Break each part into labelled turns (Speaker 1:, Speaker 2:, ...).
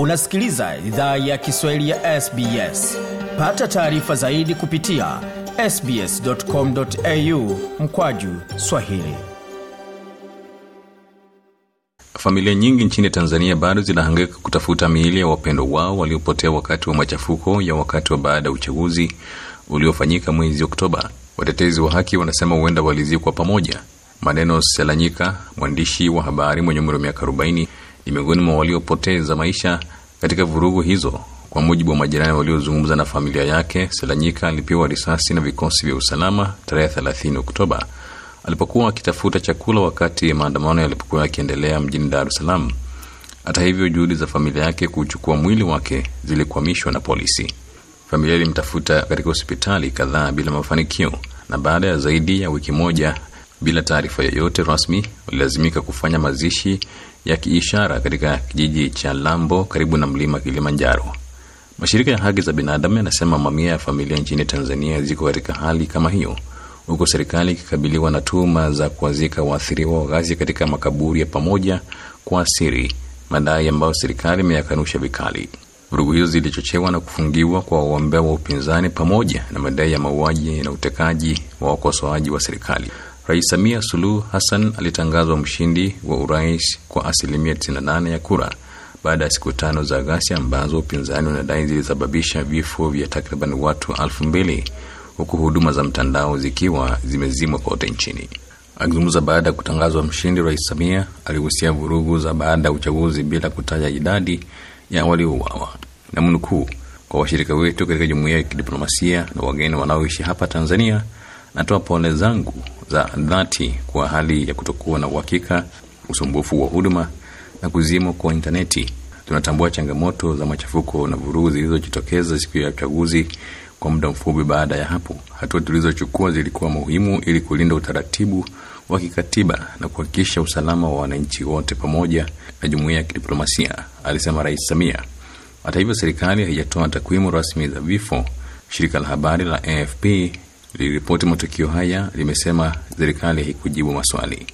Speaker 1: unasikiliza idhaa ya kiswahili ya sbs pata taarifa zaidi kupitia sbscomau mkwaju swahili familia nyingi nchini tanzania bado zinahangaika kutafuta miili ya wapendo wao waliopotea wakati wa machafuko ya wakati wa baada ya uchaguzi uliofanyika mwezi oktoba watetezi wa haki wanasema huenda walizikwa pamoja maneno selanyika mwandishi wa habari mwenye umri wa miaka 40 ni miongoni mwa waliopoteza maisha katika vurugu hizo. Kwa mujibu wa majirani waliozungumza na familia yake, Selanyika alipiwa risasi na vikosi vya usalama tarehe 30 Oktoba alipokuwa akitafuta chakula wakati maandamano yalipokuwa yakiendelea mjini Dar es Salaam. Hata hivyo, juhudi za familia yake kuchukua mwili wake zilikwamishwa na polisi. Familia ilimtafuta katika hospitali kadhaa bila mafanikio, na baada ya zaidi ya wiki moja bila taarifa yoyote rasmi walilazimika kufanya mazishi ya kiishara katika kijiji cha Lambo karibu na mlima Kilimanjaro. Mashirika ya haki za binadamu yanasema mamia ya familia nchini Tanzania ziko katika hali kama hiyo, huku serikali ikikabiliwa na tuhuma za kuwazika waathiriwa wa ghazi katika makaburi ya pamoja kwa siri, madai ambayo serikali imeyakanusha vikali. Vurugu hizo zilichochewa na kufungiwa kwa wagombea wa upinzani pamoja na madai ya mauaji na utekaji wa wakosoaji wa serikali. Rais Samia Suluhu Hassan alitangazwa mshindi wa urais kwa asilimia 98 ya kura baada ya siku tano za ghasia ambazo upinzani unadai zilisababisha vifo vya takriban watu elfu mbili huku huduma za mtandao zikiwa zimezimwa kote nchini. Akizungumza baada ya kutangazwa mshindi, Rais Samia alihusia vurugu za baada ya uchaguzi bila kutaja idadi ya waliouawa, namnukuu: kwa washirika wetu katika jumuiya ya kidiplomasia na wageni wanaoishi hapa Tanzania Natoa pole zangu za dhati kwa hali ya kutokuwa na uhakika, usumbufu wa huduma na kuzimwa kwa intaneti. Tunatambua changamoto za machafuko na vurugu zilizojitokeza siku ya uchaguzi. Kwa muda mfupi baada ya hapo, hatua tulizochukua zilikuwa muhimu ili kulinda utaratibu wa kikatiba na kuhakikisha usalama wa wananchi wote pamoja na jumuiya ya kidiplomasia, alisema Rais Samia. Hata hivyo, serikali haijatoa takwimu rasmi za vifo. Shirika la habari la AFP liliripoti matukio haya limesema serikali haikujibu maswali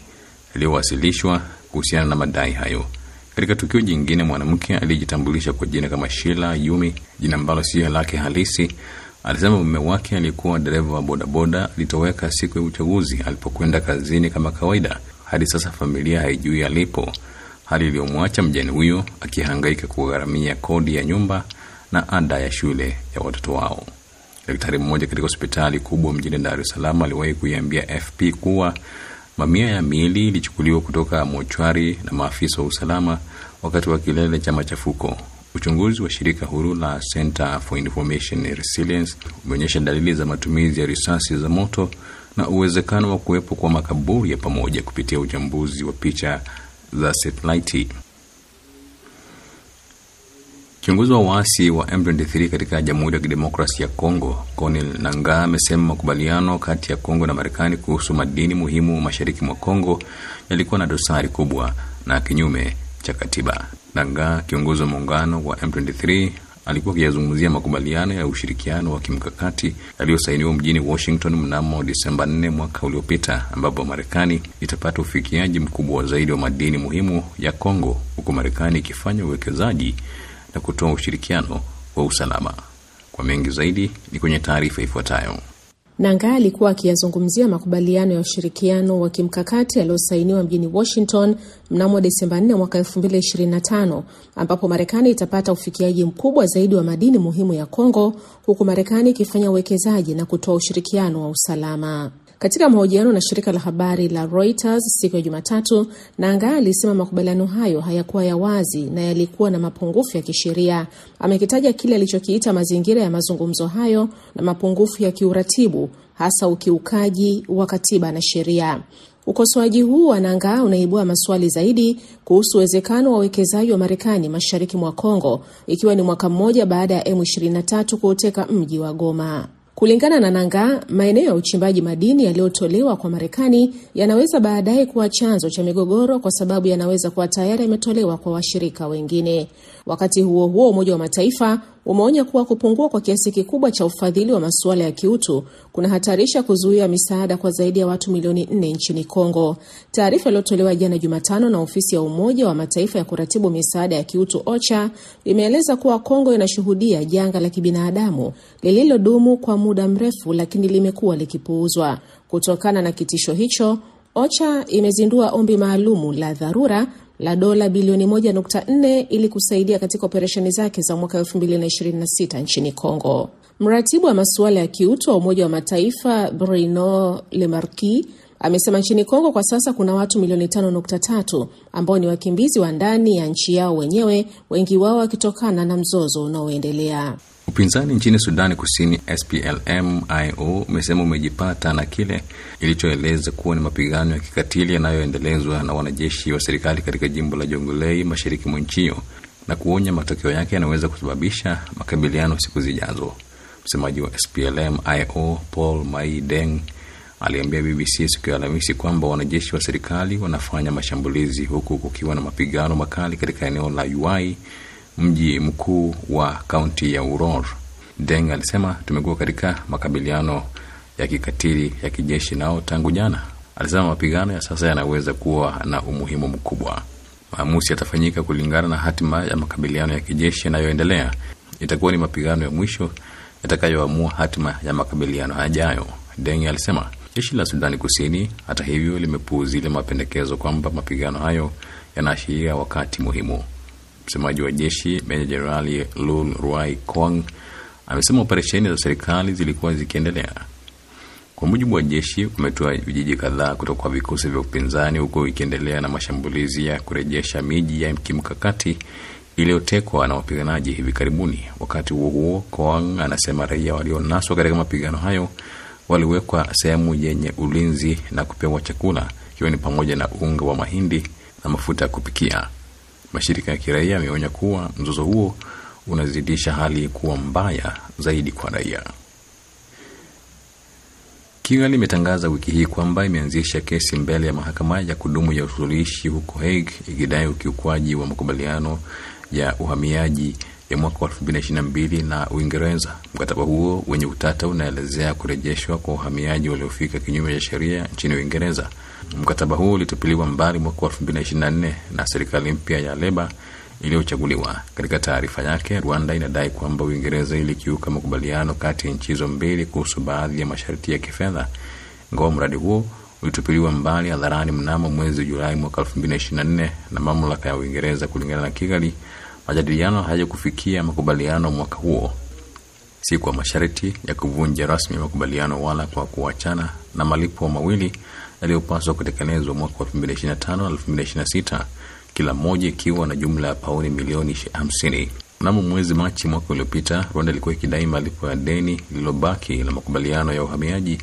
Speaker 1: yaliyowasilishwa kuhusiana na madai hayo. Katika tukio jingine, mwanamke aliyejitambulisha kwa jina kama Shila Yumi, jina ambalo sio lake halisi, alisema mume wake aliyekuwa dereva wa bodaboda alitoweka siku ya uchaguzi alipokwenda kazini kama kawaida. Hadi sasa familia haijui alipo, hali iliyomwacha mjani huyo akihangaika kugharamia kodi ya nyumba na ada ya shule ya watoto wao. Daktari mmoja katika hospitali kubwa mjini Dar es Salaam aliwahi kuiambia FP kuwa mamia ya miili ilichukuliwa kutoka mochwari na maafisa wa usalama wakati wa kilele cha machafuko. Uchunguzi wa shirika huru la Center for Information Resilience umeonyesha dalili za matumizi ya risasi za moto na uwezekano wa kuwepo kwa makaburi ya pamoja kupitia uchambuzi wa picha za satelaiti. Kiongozi wa waasi wa M23 katika Jamhuri ya Kidemokrasi ya Kongo, Corneille Nangaa, amesema makubaliano kati ya Kongo na Marekani kuhusu madini muhimu mashariki mwa Kongo yalikuwa na dosari kubwa na kinyume cha katiba. Nangaa, kiongozi wa muungano wa M23, alikuwa akiyazungumzia makubaliano ya ushirikiano wa kimkakati yaliyosainiwa mjini Washington mnamo Disemba 4 mwaka uliopita, ambapo Marekani itapata ufikiaji mkubwa zaidi wa madini muhimu ya Kongo, huku Marekani ikifanya uwekezaji na kutoa ushirikiano wa usalama. Kwa mengi zaidi ni kwenye taarifa ifuatayo.
Speaker 2: Nanga alikuwa akiyazungumzia makubaliano ya ushirikiano wa kimkakati yaliyosainiwa mjini Washington mnamo Desemba 4 mwaka 2025 ambapo Marekani itapata ufikiaji mkubwa zaidi wa madini muhimu ya congo huku Marekani ikifanya uwekezaji na kutoa ushirikiano wa usalama. Katika mahojiano na shirika la habari la Reuters siku ya Jumatatu, Nanga alisema makubaliano hayo hayakuwa ya wazi na yalikuwa na mapungufu ya kisheria. Amekitaja kile alichokiita mazingira ya mazungumzo hayo na mapungufu ya kiuratibu, hasa ukiukaji wa katiba na sheria. Ukosoaji huu wa nanga unaibua maswali zaidi kuhusu uwezekano wa uwekezaji wa Marekani mashariki mwa Kongo, ikiwa ni mwaka mmoja baada ya M23 kuuteka mji wa Goma. Kulingana na Nangaa, maeneo ya uchimbaji madini yaliyotolewa kwa Marekani yanaweza baadaye kuwa chanzo cha migogoro kwa sababu yanaweza kuwa tayari yametolewa kwa washirika wengine. Wakati huo huo, Umoja wa Mataifa umeonya kuwa kupungua kwa kiasi kikubwa cha ufadhili wa masuala ya kiutu kunahatarisha kuzuia misaada kwa zaidi ya watu milioni nne nchini Kongo. Taarifa iliyotolewa jana Jumatano na ofisi ya Umoja wa Mataifa ya kuratibu misaada ya kiutu OCHA imeeleza kuwa Kongo inashuhudia janga la kibinadamu lililodumu kwa muda mrefu, lakini limekuwa likipuuzwa. Kutokana na kitisho hicho, OCHA imezindua ombi maalumu la dharura la dola bilioni 1.4 ili kusaidia katika operesheni zake za mwaka 2026 nchini Kongo. Mratibu wa masuala ya kiutu wa Umoja wa Mataifa Bruno Lemarquis Amesema nchini Kongo kwa sasa kuna watu milioni 5.3 ambao ni wakimbizi wa ndani ya nchi yao wenyewe, wengi wao wakitokana na mzozo unaoendelea.
Speaker 1: Upinzani nchini Sudani Kusini, SPLM-IO, umesema umejipata na kile ilichoeleza kuwa ni mapigano ya kikatili yanayoendelezwa na wanajeshi wa serikali katika jimbo la Jonglei, mashariki mwa nchi hiyo, na kuonya matokeo yake yanaweza kusababisha makabiliano siku zijazo. Msemaji wa SPLM-IO Paul Mai Deng aliambia BBC siku ya Alhamisi kwamba wanajeshi wa serikali wanafanya mashambulizi huku kukiwa na mapigano makali katika eneo la Uai, mji mkuu wa kaunti ya Uror. Deng alisema tumekuwa katika makabiliano ya kikatili ya kijeshi nao tangu jana. Alisema mapigano ya sasa yanaweza kuwa na umuhimu mkubwa. Maamuzi yatafanyika kulingana na hatima ya makabiliano ya kijeshi yanayoendelea. Itakuwa ni mapigano ya mwisho yatakayoamua hatima ya makabiliano yajayo, Deng alisema. Jeshi la Sudani Kusini hata hivyo limepuuzilia mapendekezo kwamba mapigano hayo yanaashiria wakati muhimu. Msemaji wa jeshi Meja Jenerali Lul Ruai Kwang amesema operesheni za serikali zilikuwa zikiendelea. Kwa mujibu wa jeshi, wametoa vijiji kadhaa kutoka kwa vikosi vya upinzani, huku ikiendelea na mashambulizi ya kurejesha miji ya kimkakati iliyotekwa na wapiganaji hivi karibuni. Wakati huo huo, Koang anasema raia walionaswa katika mapigano hayo waliwekwa sehemu yenye ulinzi na kupewa chakula ikiwa ni pamoja na unga wa mahindi na mafuta ya kupikia mashirika ya kiraia yameonya kuwa mzozo huo unazidisha hali kuwa mbaya zaidi kwa raia Kigali imetangaza wiki hii kwamba imeanzisha kesi mbele ya mahakama ya kudumu ya usuluhishi huko Hague ikidai ukiukwaji wa makubaliano ya uhamiaji ya mwaka wa elfu mbili na ishirini na mbili na Uingereza. Mkataba huo wenye utata unaelezea kurejeshwa kwa uhamiaji waliofika kinyume cha sheria nchini Uingereza. Mkataba huo ulitupiliwa mbali mwaka wa elfu mbili na ishirini na nne na serikali mpya ya Leba iliyochaguliwa. Katika taarifa yake, Rwanda inadai kwamba Uingereza ilikiuka makubaliano kati ya nchi hizo mbili kuhusu baadhi ya masharti ya kifedha, ingawa mradi huo ulitupiliwa mbali hadharani mnamo mwezi Julai mwaka elfu mbili na ishirini na nne na mamlaka ya Uingereza kulingana na Kigali Majadiliano hayakufikia makubaliano mwaka huo, si kwa masharti ya kuvunja rasmi makubaliano wala kwa kuachana na malipo mawili yaliyopaswa kutekelezwa mwaka 2025 2026, kila mmoja ikiwa na jumla ya pauni milioni 50. Mnamo mwezi Machi mwaka uliopita, Rwanda ilikuwa ikidai malipo ya deni lililobaki la makubaliano ya uhamiaji,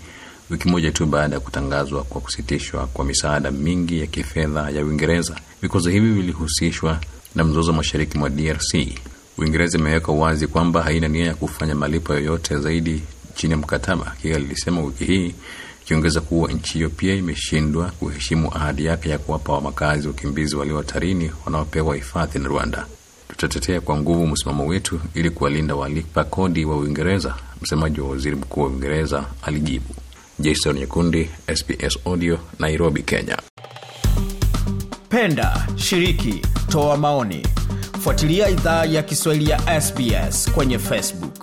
Speaker 1: wiki moja tu baada ya kutangazwa kwa kusitishwa kwa misaada mingi ya kifedha ya Uingereza. Vikwazo hivi vilihusishwa na mzozo mashariki mwa DRC. Uingereza imeweka wazi kwamba haina nia ya kufanya malipo yoyote zaidi chini ya mkataba, Kigali ilisema wiki hii, ikiongeza kuwa nchi hiyo pia imeshindwa kuheshimu ahadi yake ya kuwapa makazi wakimbizi walio hatarini wanaopewa hifadhi na Rwanda. Tutatetea kwa nguvu msimamo wetu ili kuwalinda walipa kodi wa Uingereza, msemaji wa waziri mkuu wa Uingereza alijibu. Jason Nyekundi, SBS Audio, Nairobi, Kenya. Penda, shiriki, kutoa maoni. Fuatilia idhaa ya Kiswahili ya SBS kwenye Facebook.